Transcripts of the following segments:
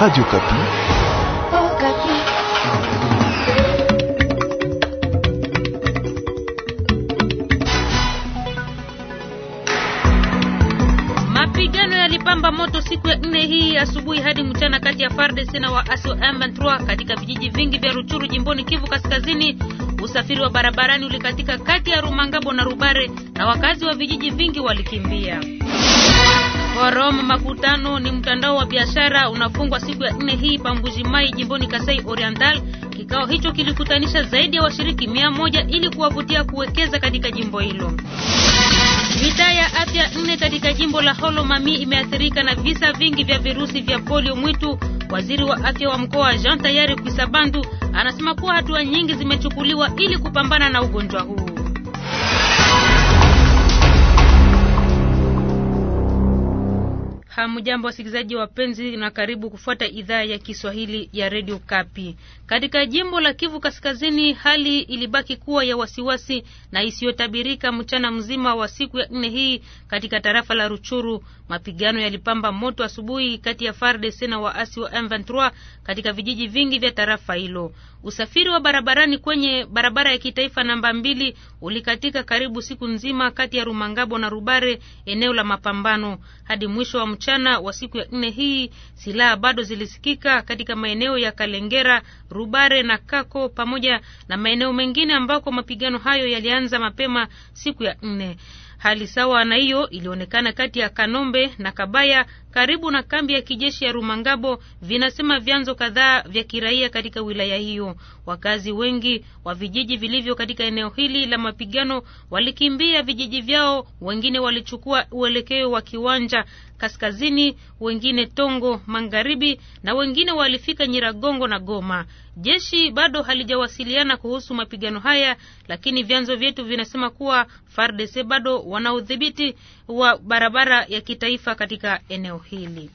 Radio Kapi. Oh, Kapi. Mapigano yalipamba moto siku ya nne hii asubuhi hadi mchana kati ya FARDC na waasi wa M23 katika vijiji vingi vya Ruchuru jimboni Kivu Kaskazini. Usafiri wa barabarani ulikatika kati ya Rumangabo na Rubare na wakazi wa vijiji vingi walikimbia. Roma Makutano ni mtandao wa biashara unafungwa siku ya nne hii mai jimboni Kasai Oriental. Kikao hicho kilikutanisha zaidi ya washiriki mia moja ili kuwavutia kuwekeza katika jimbo hilo. Mitaa ya afya nne katika jimbo la Holo Mami imeathirika na visa vingi vya virusi vya polio mwitu. Waziri wa afya wa mkoa Jean Tayari Kwisabandu anasema kuwa hatua nyingi zimechukuliwa ili kupambana na ugonjwa huu. Hamjambo wasikilizaji wapenzi, na karibu kufuata idhaa ya Kiswahili ya redio Kapi. Katika jimbo la Kivu Kaskazini, hali ilibaki kuwa ya wasiwasi na isiyotabirika mchana mzima wa siku ya nne hii. Katika tarafa la Ruchuru, mapigano yalipamba moto asubuhi kati ya FARDC na waasi wa M23 katika vijiji vingi vya tarafa hilo. Usafiri wa barabarani kwenye barabara ya kitaifa namba mbili ulikatika karibu siku nzima kati ya Rumangabo na Rubare, eneo la mapambano. Hadi mwisho wa mchana wa siku ya nne hii, silaha bado zilisikika katika maeneo ya Kalengera, Rubare na Kako pamoja na maeneo mengine ambako mapigano hayo yalianza mapema siku ya nne. Hali sawa na hiyo ilionekana kati ya Kanombe na Kabaya karibu na kambi ya kijeshi ya Rumangabo, vinasema vyanzo kadhaa vya kiraia katika wilaya hiyo. Wakazi wengi wa vijiji vilivyo katika eneo hili la mapigano walikimbia vijiji vyao, wengine walichukua uelekeo wa kiwanja kaskazini, wengine Tongo magharibi na wengine walifika Nyiragongo na Goma. Jeshi bado halijawasiliana kuhusu mapigano haya, lakini vyanzo vyetu vinasema kuwa FARDC bado wana udhibiti wa barabara ya kitaifa katika eneo hili.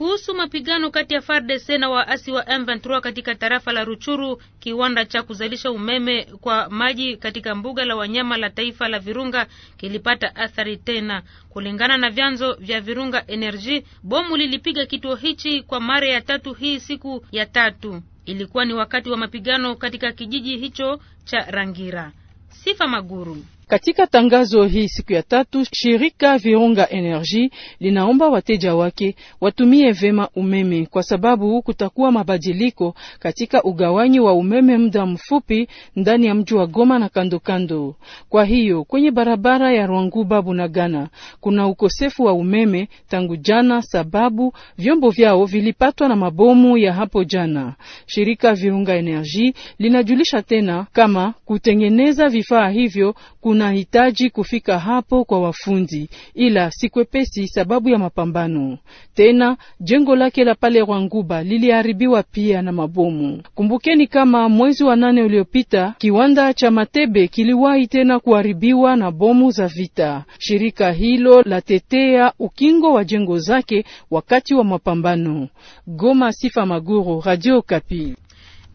Kuhusu mapigano kati ya FARDC na waasi wa M23 katika tarafa la Ruchuru, kiwanda cha kuzalisha umeme kwa maji katika mbuga la wanyama la taifa la Virunga kilipata athari tena. Kulingana na vyanzo vya Virunga Energy, bomu lilipiga kituo hichi kwa mara ya tatu hii siku ya tatu. Ilikuwa ni wakati wa mapigano katika kijiji hicho cha Rangira. Sifa Maguru. Katika tangazo hii siku ya tatu, shirika Virunga Energy linaomba wateja wake watumie vema umeme kwa sababu kutakuwa mabadiliko katika ugawanyi wa umeme muda mfupi ndani ya mji wa Goma na kando kando. Kwa hiyo kwenye barabara ya Rwanguba Bunagana kuna ukosefu wa umeme tangu jana, sababu vyombo vyao vilipatwa na mabomu ya hapo jana. Shirika Virunga Energy linajulisha tena kama kutengeneza vifaa hivyo kuna tunahitaji kufika hapo kwa wafundi, ila si kwepesi sababu ya mapambano. Tena jengo lake la pale Rwanguba liliharibiwa pia na mabomu. Kumbukeni kama mwezi wa nane uliopita kiwanda cha Matebe kiliwahi tena kuharibiwa na bomu za vita. Shirika hilo latetea ukingo wa jengo zake wakati wa mapambano. Goma, Sifa Maguru, Radio Kapi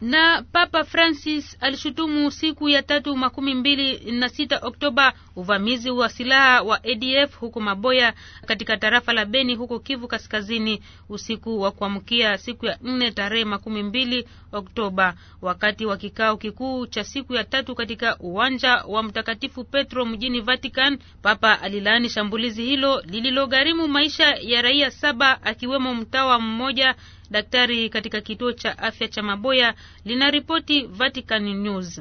na Papa Francis alishutumu siku ya tatu makumi mbili na sita Oktoba uvamizi wa silaha wa ADF huko Maboya katika tarafa la Beni huko Kivu Kaskazini usiku wa kuamkia siku ya nne tarehe makumi mbili Oktoba wakati wa kikao kikuu cha siku ya tatu katika uwanja wa Mtakatifu Petro mjini Vatican. Papa alilaani shambulizi hilo lililogharimu maisha ya raia saba akiwemo mtawa mmoja. Daktari katika kituo cha afya cha Maboya linaripoti Vatican News.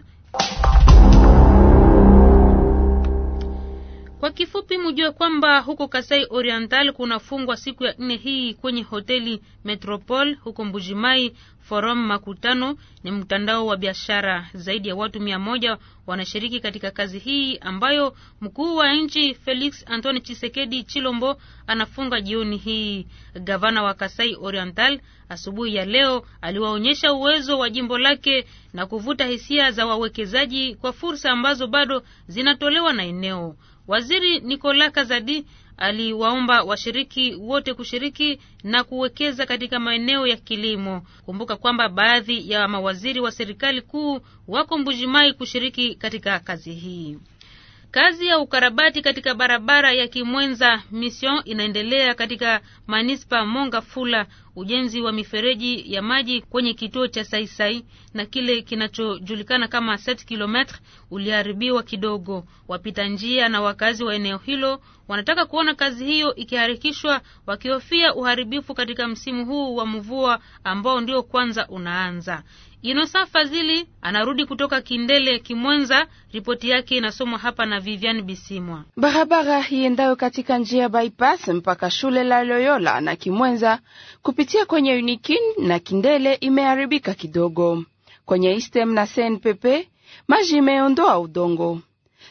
Kwa kifupi, mjue kwamba huko Kasai Oriental kunafungwa siku ya nne hii kwenye hoteli Metropole huko Mbujimai Forum Makutano ni mtandao wa biashara. Zaidi ya watu mia moja wanashiriki katika kazi hii ambayo mkuu wa nchi Felix Antoine Chisekedi Chilombo anafunga jioni hii. Gavana wa Kasai Oriental asubuhi ya leo aliwaonyesha uwezo wa jimbo lake na kuvuta hisia za wawekezaji kwa fursa ambazo bado zinatolewa na eneo. Waziri Nicolas Kazadi aliwaomba washiriki wote kushiriki na kuwekeza katika maeneo ya kilimo. Kumbuka kwamba baadhi ya mawaziri wa serikali kuu wako Mbujimai kushiriki katika kazi hii. Kazi ya ukarabati katika barabara ya Kimwenza Mission inaendelea katika manispa monga fula ujenzi wa mifereji ya maji kwenye kituo cha Saisai na kile kinachojulikana kama 7 km uliharibiwa kidogo. Wapita njia na wakazi wa eneo hilo wanataka kuona kazi hiyo ikiharakishwa, wakihofia uharibifu katika msimu huu wa mvua ambao ndio kwanza unaanza. Inosa Fazili anarudi kutoka Kindele Kimwanza. Ripoti yake inasomwa hapa na Vivian Bisimwa. Barabara iendayo katika njia bypass mpaka shule la Loyola na Kimwenza kupitia kwenye Unikin na Kindele imeharibika kidogo. Kwenye Istem na Sen Pepe maji imeondoa udongo,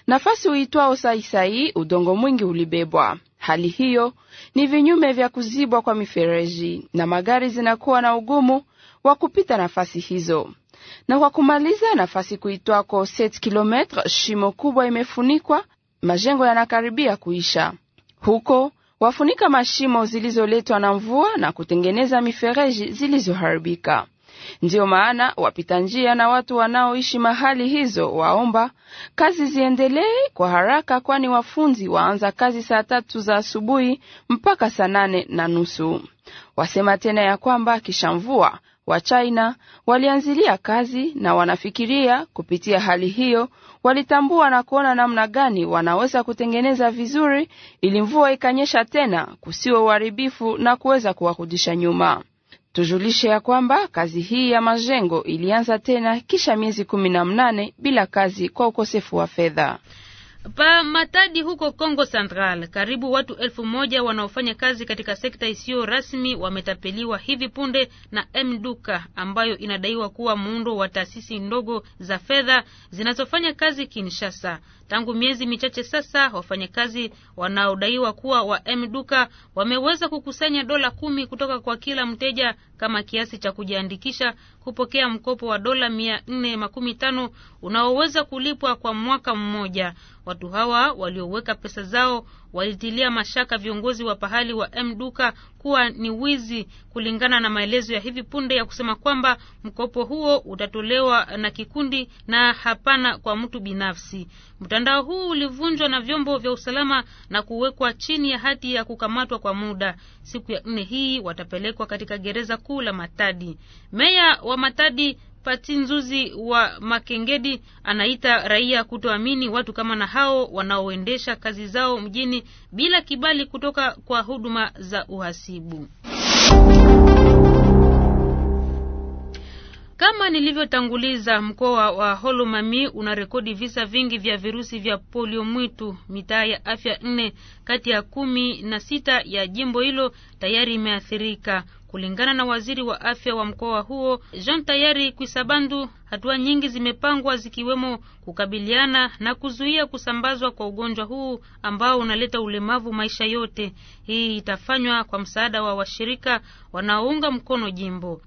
nafasi uitwao Saisai udongo mwingi ulibebwa. Hali hiyo ni vinyume vya kuzibwa kwa mifereji na magari zinakuwa na ugumu wa kupita nafasi hizo. Na kwa kumaliza, nafasi kuitwako 7 kilometre, shimo kubwa imefunikwa, majengo yanakaribia kuisha huko wafunika mashimo zilizoletwa na mvua na kutengeneza mifereji zilizoharibika. Ndiyo maana wapita njia na watu wanaoishi mahali hizo waomba kazi ziendelee kwa haraka, kwani wafunzi waanza kazi saa tatu za asubuhi mpaka saa nane na nusu. Wasema tena ya kwamba kisha mvua wa China walianzilia kazi na wanafikiria kupitia hali hiyo walitambua na kuona namna gani wanaweza kutengeneza vizuri ili mvua ikanyesha tena kusiwe uharibifu na kuweza kuwarudisha nyuma. Tujulishe ya kwamba kazi hii ya majengo ilianza tena kisha miezi kumi na mnane bila kazi kwa ukosefu wa fedha. Pa Matadi huko Kongo Central, karibu watu elfu moja wanaofanya kazi katika sekta isiyo rasmi wametapeliwa hivi punde na Mduka ambayo inadaiwa kuwa muundo wa taasisi ndogo za fedha zinazofanya kazi Kinshasa. Tangu miezi michache sasa, wafanyakazi wanaodaiwa kuwa wa Mduka wameweza kukusanya dola kumi kutoka kwa kila mteja kama kiasi cha kujiandikisha kupokea mkopo wa dola mia nne makumi tano unaoweza kulipwa kwa mwaka mmoja. Watu hawa walioweka pesa zao walitilia mashaka viongozi wa pahali wa Mduka kuwa ni wizi, kulingana na maelezo ya hivi punde ya kusema kwamba mkopo huo utatolewa na kikundi na hapana kwa mtu binafsi. Mtandao huu ulivunjwa na vyombo vya usalama na kuwekwa chini ya hati ya kukamatwa kwa muda. Siku ya nne hii watapelekwa katika gereza kuu la Matadi. Meya wa Matadi Pati Nzuzi wa Makengedi anaita raia kutoamini watu kama na hao wanaoendesha kazi zao mjini bila kibali kutoka kwa huduma za uhasibu. Kama nilivyotanguliza, mkoa wa Holomami unarekodi visa vingi vya virusi vya polio mwitu. Mitaa ya afya nne kati ya kumi na sita ya jimbo hilo tayari imeathirika. Kulingana na waziri wa afya wa mkoa huo Jean Tayari Kwisabandu, hatua nyingi zimepangwa zikiwemo kukabiliana na kuzuia kusambazwa kwa ugonjwa huu ambao unaleta ulemavu maisha yote. Hii itafanywa kwa msaada wa washirika wanaounga mkono jimbo.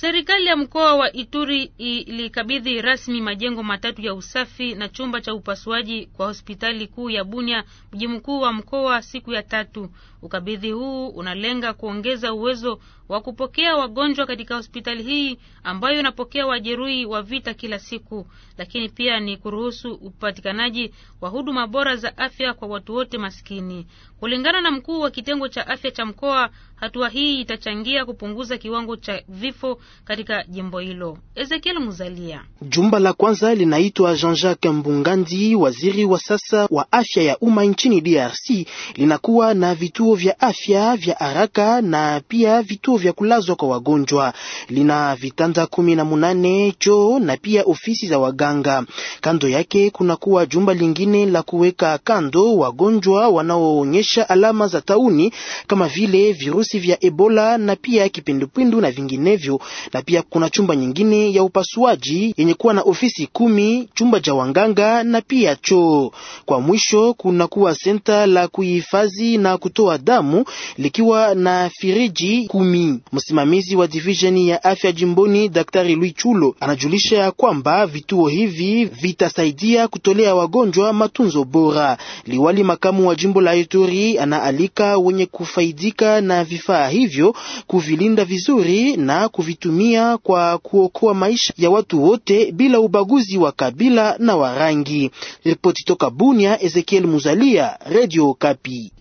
Serikali ya mkoa wa Ituri ilikabidhi rasmi majengo matatu ya usafi na chumba cha upasuaji kwa hospitali kuu ya Bunia, mji mkuu wa mkoa, siku ya tatu. Ukabidhi huu unalenga kuongeza uwezo wa kupokea wagonjwa katika hospitali hii ambayo inapokea wajeruhi wa vita kila siku, lakini pia ni kuruhusu upatikanaji wa huduma bora za afya kwa watu wote maskini. Kulingana na mkuu wa kitengo cha afya cha mkoa, Hatua hii itachangia kupunguza kiwango cha vifo katika jimbo hilo. Ezekiel Muzalia. Jumba la kwanza linaitwa Jean-Jacques Mbungandi, waziri wa sasa wa afya ya umma nchini DRC, linakuwa na vituo vya afya vya haraka na pia vituo vya kulazwa kwa wagonjwa. Lina vitanda kumi na munane, choo na pia ofisi za waganga. Kando yake kunakuwa jumba lingine la kuweka kando wagonjwa wanaoonyesha alama za tauni kama vile virusi virusi vya Ebola na pia kipindupindu na vinginevyo, na pia kuna chumba nyingine ya upasuaji yenye kuwa na ofisi kumi, chumba cha wanganga na pia choo. Kwa mwisho, kuna kuwa senta la kuhifadhi na kutoa damu likiwa na firiji kumi. Msimamizi wa divisheni ya afya jimboni Daktari Louis Chulo anajulisha ya kwamba vituo hivi vitasaidia kutolea wagonjwa matunzo bora. Liwali makamu wa jimbo la Ituri anaalika wenye kufaidika na vifaa hivyo, kuvilinda vizuri na kuvitumia kwa kuokoa maisha ya watu wote bila ubaguzi wa kabila na wa rangi. Ripoti toka Bunia, Ezekiel Muzalia, Radio Kapi.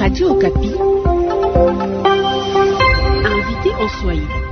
Radio Kapi. Invité en Swahili.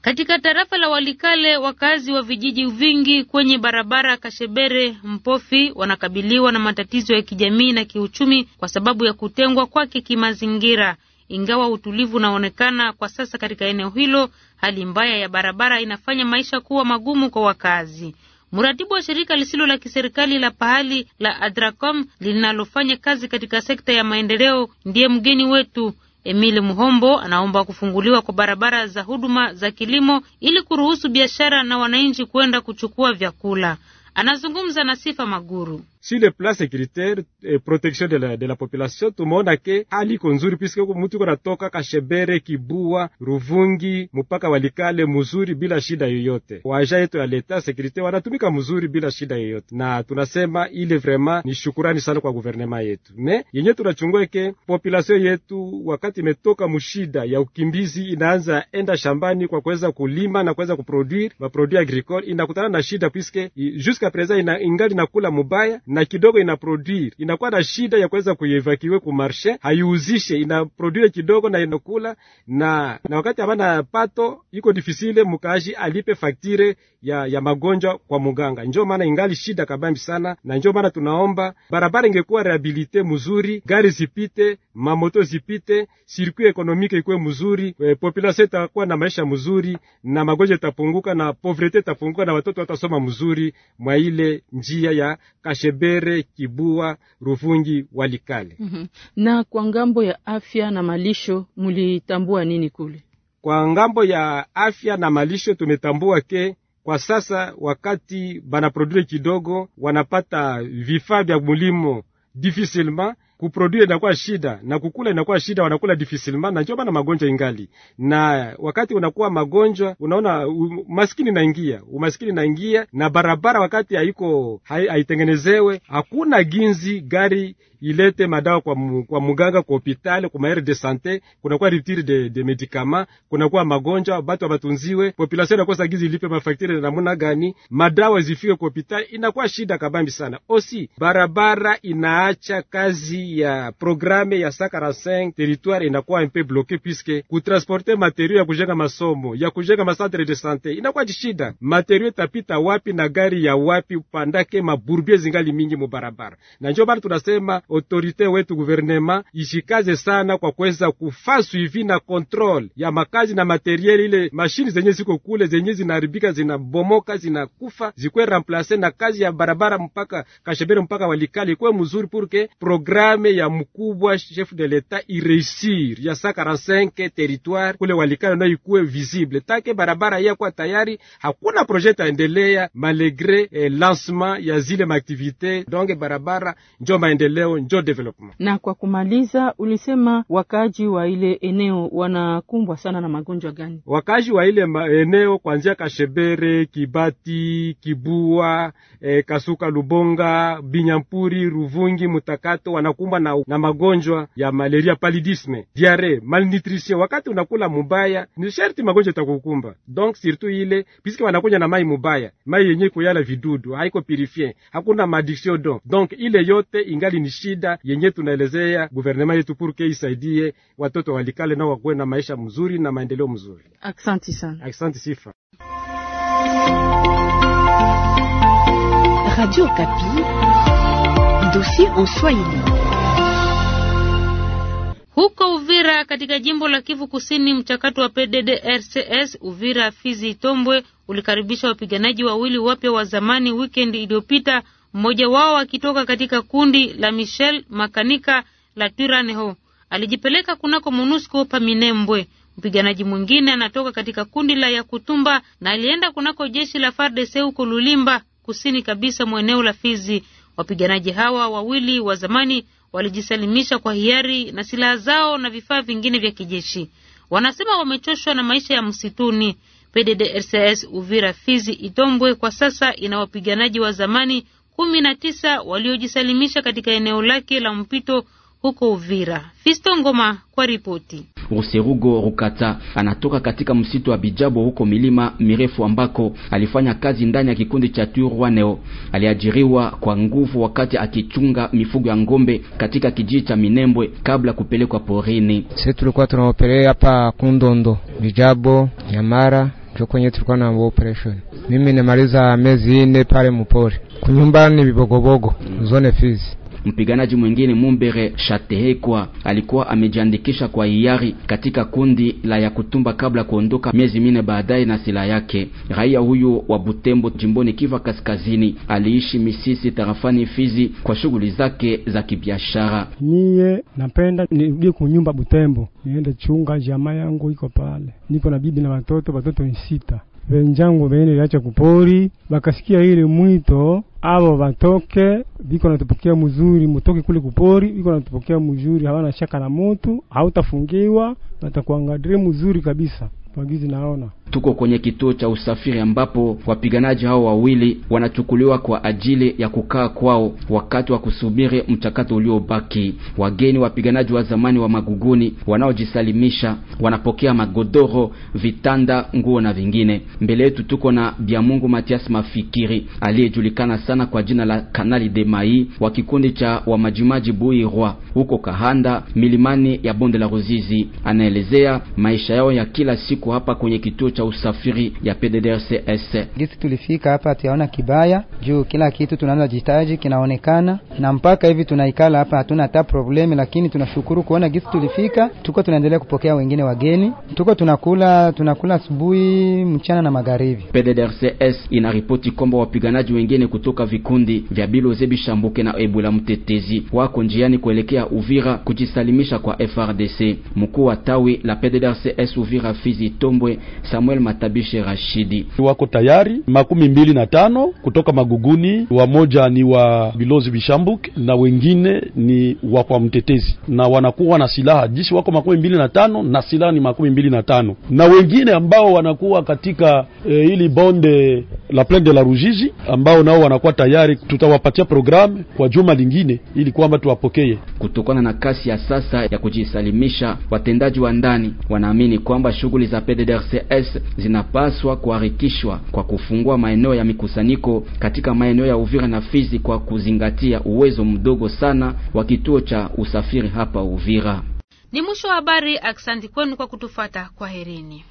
Katika tarafa la Walikale, wakazi wa vijiji vingi kwenye barabara Kashebere Mpofi wanakabiliwa na matatizo ya kijamii na kiuchumi kwa sababu ya kutengwa kwake kimazingira. Ingawa utulivu unaonekana kwa sasa katika eneo hilo, hali mbaya ya barabara inafanya maisha kuwa magumu kwa wakazi. Mratibu wa shirika lisilo la kiserikali la pahali la Adracom linalofanya kazi katika sekta ya maendeleo ndiye mgeni wetu. Emil Muhombo anaomba kufunguliwa kwa barabara za huduma za kilimo ili kuruhusu biashara na wananchi kwenda kuchukua vyakula. Anazungumza na Sifa Maguru. Sur le plan sécuritaire et protection de la, de la population, tumeona ke hali iko nzuri, piske mtu iko natoka Kashebere, Kibua, Ruvungi mpaka Walikale mzuri bila shida yoyote. Waja yetu ya leta sekurite wanatumika mzuri bila shida yoyote, na tunasema ile vraiment ni shukurani sana kwa guvernema yetu. Me yenye tunachungua ke population yetu wakati imetoka mushida ya ukimbizi, inaanza enda shambani kwa kuweza kulima na kuweza kuproduire maproduit agricole, inakutana na shida piske jusqu'à present ina, ingali nakula mubaya na kidogo inaproduire, inakuwa na shida ya kuweza kuevakiwe ku marshe, haiuzishe, inaproduire kidogo na inakula na, na wakati havana pato, iko difisile mukaji alipe faktire ya, ya magonjwa kwa muganga. Njo maana ingali shida kabambi sana, na njo maana tunaomba barabara ingekuwa rehabilite mzuri, gari zipite, mamoto zipite, circuit ekonomike ikuwe mzuri, eh, population itakuwa na maisha mzuri, na magonjwa itapunguka, na povrete itapunguka, na watoto watasoma mzuri mwa ile njia ya kashe Kabere, Kibua, Ruvungi, Walikale. mm -hmm. Na kwa ngambo ya afya na malisho mulitambua nini kule? Kwa ngambo ya afya na malisho tumetambua ke kwa sasa wakati banaproduire kidogo wanapata vifaa vya mulimo difficilement kuproduire inakuwa shida na kukula inakuwa shida, wanakula difficilement, na ndio maana magonjwa ingali. Na wakati unakuwa magonjwa, unaona umaskini naingia, umaskini naingia, na barabara wakati haiko haitengenezewe, hakuna ginzi gari ilete madawa kwa, mu, kwa muganga kwa hospitali kwa maire de sante, kunakuwa retire de, de medikama, kunakuwa magonjwa, batu abatunziwe, population inakosa gizi ilipe na namuna gani, madawa zifike kwa hospitali, inakuwa shida kabambi sana. Osi barabara inaacha kazi hii ya programme ya 145 territoire inakuwa peu bloqué puisque kutransporte materio ya kujenga masomo ya kujenga masantre de santé inakuwa jishida. Materio tapita wapi na gari ya wapi? Pandake maburbie zingali mingi mubarabara, na njo bana tunasema autorité wetu guvernema ishikaze sana kwa kuweza kufa suivi na kontrole ya makazi na materiel ile mashini zenye ziko kule zenye zinaharibika zinabomoka zinakufa zikwe remplace na kazi ya barabara mpaka Kashebere mpaka Walikali ikuwe mzuri purke programme kame ya mkubwa chef de l'etat ireisir ya 145 territoire kule walikana na ikuwe visible take barabara ya kwa tayari, hakuna projet taendelea malgré eh, lancement ya zile maaktivite. Donc barabara njo maendeleo njo development. Na kwa kumaliza, ulisema wakaji wa ile eneo wanakumbwa sana na magonjwa gani? Wakaji wa ile eneo kuanzia Kashebere, Kibati, Kibua, eh, Kasuka, Lubonga, Binyampuri, Ruvungi, Mutakato wanakumbwa unakumbwa na, na magonjwa ya malaria, paludisme, diare, malnutrition. Wakati unakula mubaya, ni sharti magonjwa itakukumba. Donc surtout ile piske wanakunywa na mai mubaya, mai yenye kuyala vidudu, haiko purifie, hakuna madiction don. Donc ile yote ingali ni shida yenye tunaelezea guvernema yetu purke isaidie watoto walikale nao wakuwe na maisha mzuri na maendeleo mzuri. Aksanti sana. Aksanti sifa. Radio Kapi, dossier en Swahili. Huko Uvira katika jimbo la Kivu Kusini, mchakato wa PDDRCS Uvira Fizi Tombwe ulikaribisha wapiganaji wawili wapya wa zamani weekend iliyopita, mmoja wao akitoka katika kundi la Michel Makanika la Turaneho alijipeleka kunako MONUSCO Paminembwe. Mpiganaji mwingine anatoka katika kundi la Yakutumba na alienda kunako jeshi la FARDC huko Lulimba, kusini kabisa mwa eneo la Fizi. Wapiganaji hawa wawili wa zamani walijisalimisha kwa hiari na silaha zao na vifaa vingine vya kijeshi. Wanasema wamechoshwa na maisha ya msituni. PDDRCS Uvira, Fizi, Itombwe kwa sasa ina wapiganaji wa zamani kumi na tisa waliojisalimisha katika eneo lake la mpito huko Uvira. Fisto Ngoma kwa ripoti. Ruserugo Rukata anatoka katika msitu wa Bijabo huko milima mirefu ambako alifanya kazi ndani ya kikundi cha Turwaneo. Aliajiriwa kwa nguvu wakati akichunga mifugo ya ngombe katika kijiji cha Minembwe kabla kupelekwa porini. Sisi tulikuwa tunaoperea hapa Kundondo, Bijabo, Nyamara ndio kwenye tulikuwa na operation. Mimi nimaliza miezi ine pale mupori. Kunyumbani bibogobogo, zone fizi Mpiganaji mwingine Mumbere Shatehekwa alikuwa amejiandikisha kwa hiari katika kundi la ya kutumba kabla kuondoka miezi mine baadaye na silaha yake. Raia huyu wa Butembo jimboni Kiva Kaskazini aliishi Misisi tarafani Fizi kwa shughuli zake za kibiashara. Niye napenda nirudie kunyumba Butembo, niende chunga jamaa yangu iko pale, niko na bibi na watoto, watoto ni sita venjangu veene liacha kupori, bakasikia ile mwito avo vatoke viko natupokea mzuri, mutoke kule kupori viko natupokea mzuri, hawana shaka na mutu, hautafungiwa natakuangadire mzuri kabisa. Magizi naona tuko kwenye kituo cha usafiri ambapo wapiganaji hao wawili wanachukuliwa kwa ajili ya kukaa kwao wakati wa kusubiri mchakato uliobaki. Wageni wapiganaji wa zamani wa Maguguni wanaojisalimisha wanapokea magodoro, vitanda, nguo na vingine. Mbele yetu tuko na Biamungu Matias Mafikiri aliyejulikana sana kwa jina la Kanali de Mai wa kikundi cha wamajimaji Bui Roi huko Kahanda milimani ya bonde la Ruzizi. Anaelezea maisha yao ya kila siku hapa kwenye kituo cha usafiri ya PDDRCS. Gisi tulifika hapa tuyaona kibaya juu kila kitu jitaji kinaonekana, na mpaka hivi tunaikala hapa hatuna hata problemi, lakini tunashukuru kuona gisi tulifika. Tuko tunaendelea kupokea wengine wageni, tuko tunakula tunakula asubuhi, mchana na magharibi. PDDRCS inaripoti kwamba wapiganaji wengine kutoka kutoka vikundi vya Biloze Bishambuke na Ebula Mtetezi wako njiani kuelekea Uvira kujisalimisha kwa FRDC. Mkuu wa tawi la PDDRCS Uvira Fizi Tombwe Samuel Matabishe Rashidi, wako tayari makumi mbili na tano kutoka Maguguni, wamoja ni wa bilozi Bishambuke na wengine ni wa kwa Mtetezi, na wanakuwa na silaha jisi wako makumi mbili na tano na silaha ni makumi mbili na tano na wengine ambao wanakuwa katika e, eh, ili bonde la Plaine de la rujiji ambao nao wanakuwa tunakuwa tayari, tutawapatia programu kwa juma lingine ili kwamba tuwapokee. Kutokana na kasi ya sasa ya kujisalimisha, watendaji wa ndani wanaamini kwamba shughuli za PDDRCS zinapaswa kuharikishwa kwa kufungua maeneo ya mikusanyiko katika maeneo ya Uvira na Fizi kwa kuzingatia uwezo mdogo sana wa kituo cha usafiri hapa Uvira. Ni mwisho wa habari. Aksanti kwenu kwa kutufata. Kwaherini.